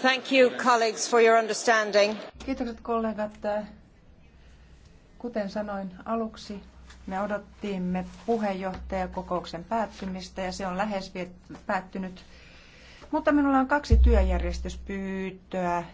Thank you, colleagues, for your understanding. Kiitokset kollegat. Kuten sanoin aluksi, me odottiimme puheenjohtajakokouksen päättymistä ja se on lähes päättynyt. Mutta minulla on kaksi työjärjestyspyyntöä